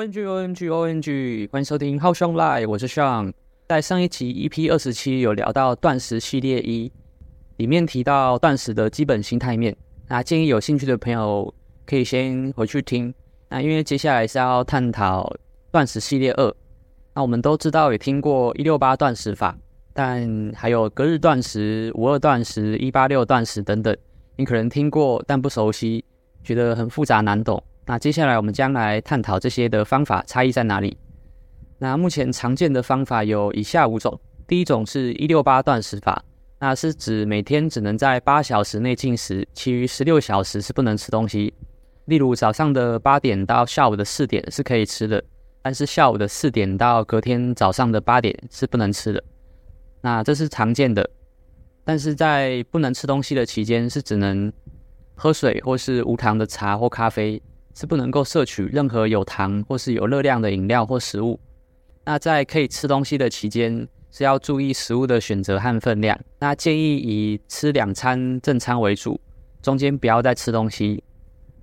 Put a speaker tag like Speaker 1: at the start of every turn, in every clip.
Speaker 1: O N G O N G，歡迎收聽 How Strong Life，我是 Sean。在上一集 EP 二十七有聊到斷食系列一，裡面提到斷食的基本心態面，那建議有興趣的朋友可以先回去聽。那因為接下來是要探討斷食系列二，那我們都知道也聽過一六八斷食法，但還有隔日斷食、五二斷食、一八六斷食等等，你可能聽過但不熟悉，覺得很複雜難懂。那接下來我們將來探討這些的方法差異在哪裡。那目前常見的方法有以下五種。第一種是一六八斷食法，那是指每天只能在八小時內進食，其餘十六小時是不能吃東西。例如早上的八點到下午的四點是可以吃的，但是下午的四點到隔天早上的八點是不能吃的。那這是常見的，但是在不能吃東西的期間是只能喝水或是無糖的茶或咖啡。是不能夠攝取任何有糖或是有熱量的飲料或食物。那在可以吃東西的期間，是要注意食物的選擇和分量。那建議以吃兩餐正餐為主，中間不要再吃東西。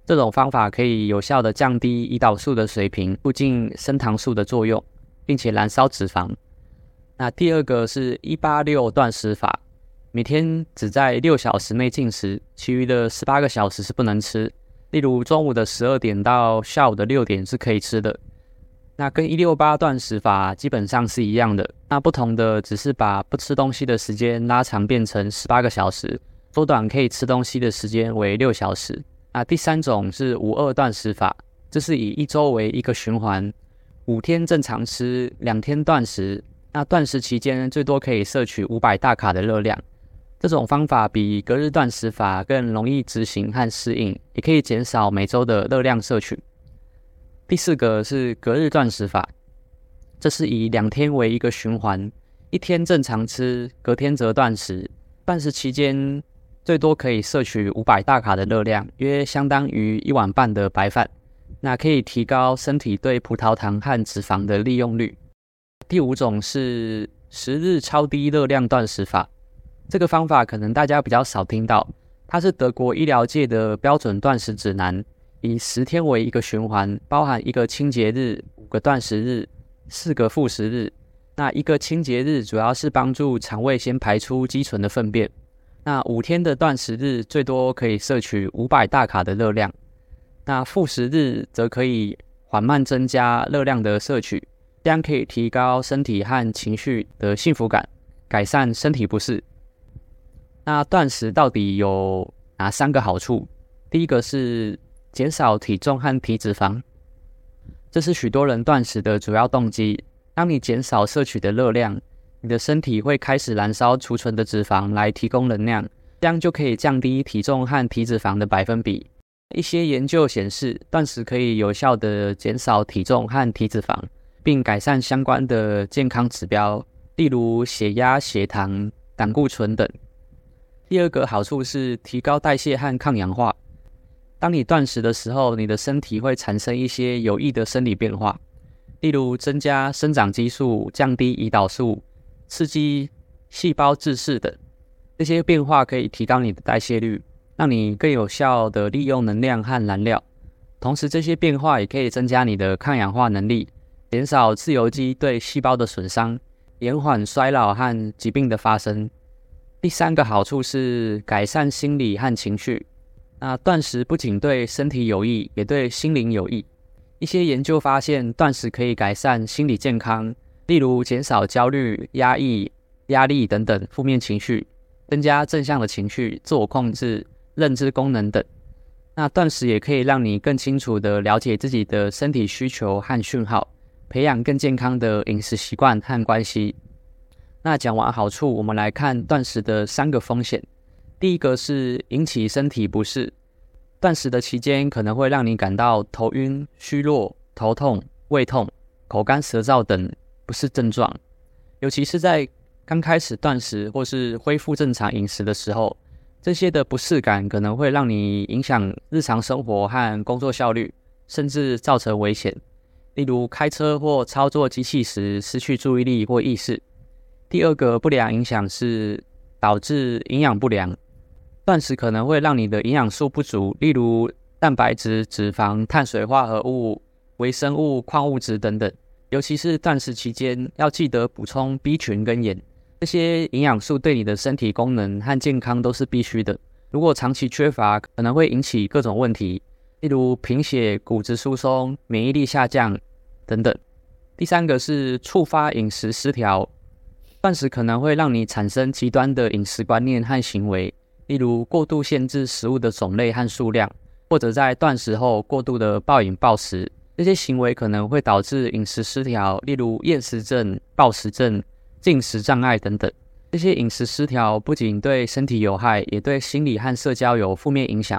Speaker 1: 這種方法可以有效地降低胰島素的水平，促進升糖素的作用，並且燃燒脂肪。那第二個是一八六斷食法，每天只在六小時內進食，其餘的十八個小時是不能吃。例如中午的十二點到下午的六點是可以吃的，那跟一六八斷食法基本上是一樣的。那不同的只是把不吃東西的時間拉長變成十八個小時，縮短可以吃東西的時間為六小時。那第三種是五二斷食法，這是以一周為一個循環，五天正常吃，兩天斷食。那斷食期間最多可以攝取五百大卡的熱量。這種方法比隔日斷食法更容易執行和適應，也可以減少每周的熱量攝取。第四個是隔日斷食法，這是以兩天為一個循環，一天正常吃，隔天則斷食。斷食期間最多可以攝取五百大卡的熱量，約相當於一碗半的白飯。那可以提高身體對葡萄糖和脂肪的利用率。第五種是十日超低熱量斷食法。這個方法可能大家比較少聽到，它是德國醫療界的標準斷食指南，以十天為一個循環，包含一個清潔日、五個斷食日、四個複食日。那一個清潔日主要是幫助腸胃先排出積存的糞便。那五天的斷食日最多可以攝取五百大卡的熱量，那複食日則可以緩慢增加熱量的攝取，這樣可以提高身體和情緒的幸福感，改善身體不適。那斷食到底有哪三個好處？第一個是減少體重和體脂肪，這是許多人斷食的主要動機。當你減少攝取的熱量，你的身體會開始燃燒儲存的脂肪來提供能量，這樣就可以降低體重和體脂肪的百分比。一些研究顯示，斷食可以有效地減少體重和體脂肪，並改善相關的健康指標，例如血壓、血糖、膽固醇等。第二個好處是提高代謝和抗氧化。當你斷食的時候，你的身體會產生一些有益的生理變化，例如增加生長激素、降低胰島素、刺激細胞自噬等。這些變化可以提高你的代謝率，讓你更有效地利用能量和燃料。同時，這些變化也可以增加你的抗氧化能力，減少自由基對細胞的損傷，延緩衰老和疾病的發生。第三個好處是改善心理和情緒。那斷食不僅對身體有益，也對心靈有益。一些研究發現，斷食可以改善心理健康，例如減少焦慮、壓抑、壓力等等負面情緒，增加正向的情緒、自我控制、認知功能等。那斷食也可以讓你更清楚地了解自己的身體需求和訊號，培養更健康的飲食習慣和關係。那講完好處，我們來看斷食的三個風險。第一個是引起身體不適，斷食的期間可能會讓你感到頭暈、虛弱、頭痛、胃痛、口乾舌燥等不適症狀。尤其是在剛開始斷食或是恢復正常飲食的時候，這些的不適感可能會讓你影響日常生活和工作效率，甚至造成危險，例如開車或操作機器時失去注意力或意識。第二個不良影響是導致營養不良，斷食可能會讓你的營養素不足，例如蛋白質、脂肪、碳水化合物、維生素、礦物質等等。尤其是斷食期間，要記得補充 B 群跟鹽，這些營養素對你的身體功能和健康都是必須的。如果長期缺乏，可能會引起各種問題，例如貧血、骨質疏鬆、免疫力下降等等。第三個是觸發飲食失調。斷食可能會讓你產生極端的飲食觀念和行為，例如過度限制食物的種類和數量，或者在斷食後過度的暴飲暴食。這些行為可能會導致飲食失調，例如厭食症、暴食症、進食障礙等等。這些飲食失調不僅對身體有害，也對心理和社交有負面影響。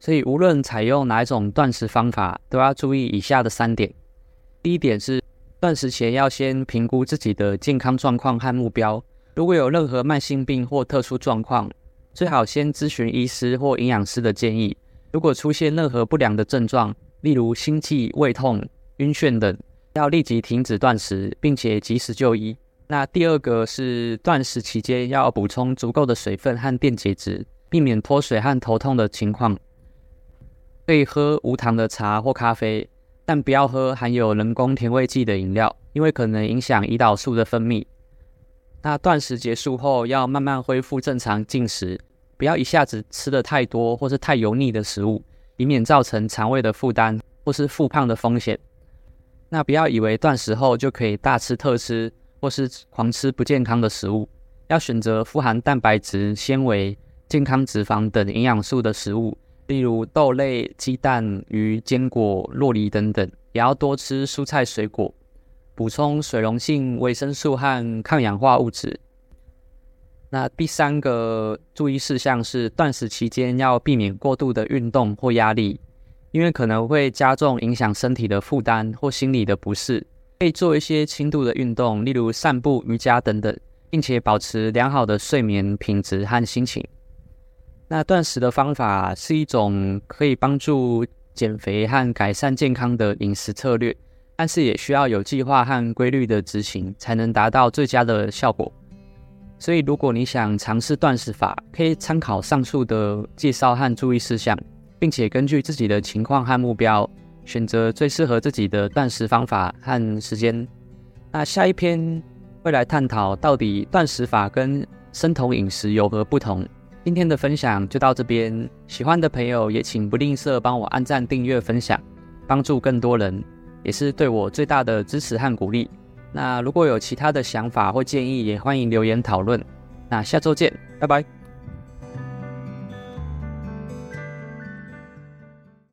Speaker 1: 所以，無論採用哪一種斷食方法，都要注意以下的三點。第一點是，斷食前要先評估自己的健康狀況和目標。如果有任何慢性病或特殊狀況，最好先諮詢醫師或營養師的建議。如果出現任何不良的症狀，例如心悸、胃痛、暈眩等，要立即停止斷食，並且及時就醫。那第二個是斷食期間要補充足夠的水分和電解質，避免脫水和頭痛的情況。可以喝無糖的茶或咖啡。但不要喝含有人工甜味劑的飲料，因為可能影響胰島素的分泌。那斷食結束後要慢慢恢復正常進食，不要一下子吃得太多或是太油膩的食物，以免造成腸胃的負擔或是復胖的風險。那不要以為斷食後就可以大吃特吃或是狂吃不健康的食物，要選擇富含蛋白質、纖維、健康脂肪等營養素的食物。例如豆類、雞蛋、魚、堅果、酪梨等等，也要多吃蔬菜水果，補充水溶性維生素和抗氧化物質。那第三個注意事項是，斷食期間要避免過度的運動或壓力，因為可能會加重影響身體的負擔或心理的不適。可以做一些輕度的運動，例如散步、瑜伽等等，並且保持良好的睡眠品質和心情。那斷食的方法是一種可以幫助減肥和改善健康的飲食策略，但是也需要有計劃和規律的執行才能達到最佳的效果。所以，如果你想嘗試斷食法，可以參考上述的介紹和注意事項，並且根據自己的情況和目標選擇最適合自己的斷食方法和時間。那下一篇會來探討到底斷食法跟生酮飲食有何不同。今天的分享就到這邊，喜歡的朋友也請不吝嗇幫我按讚、訂閱、分享，幫助更多人，也是對我最大的支持和鼓勵。那如果有其他的想法或建議，也歡迎留言討論。那下周見，拜拜。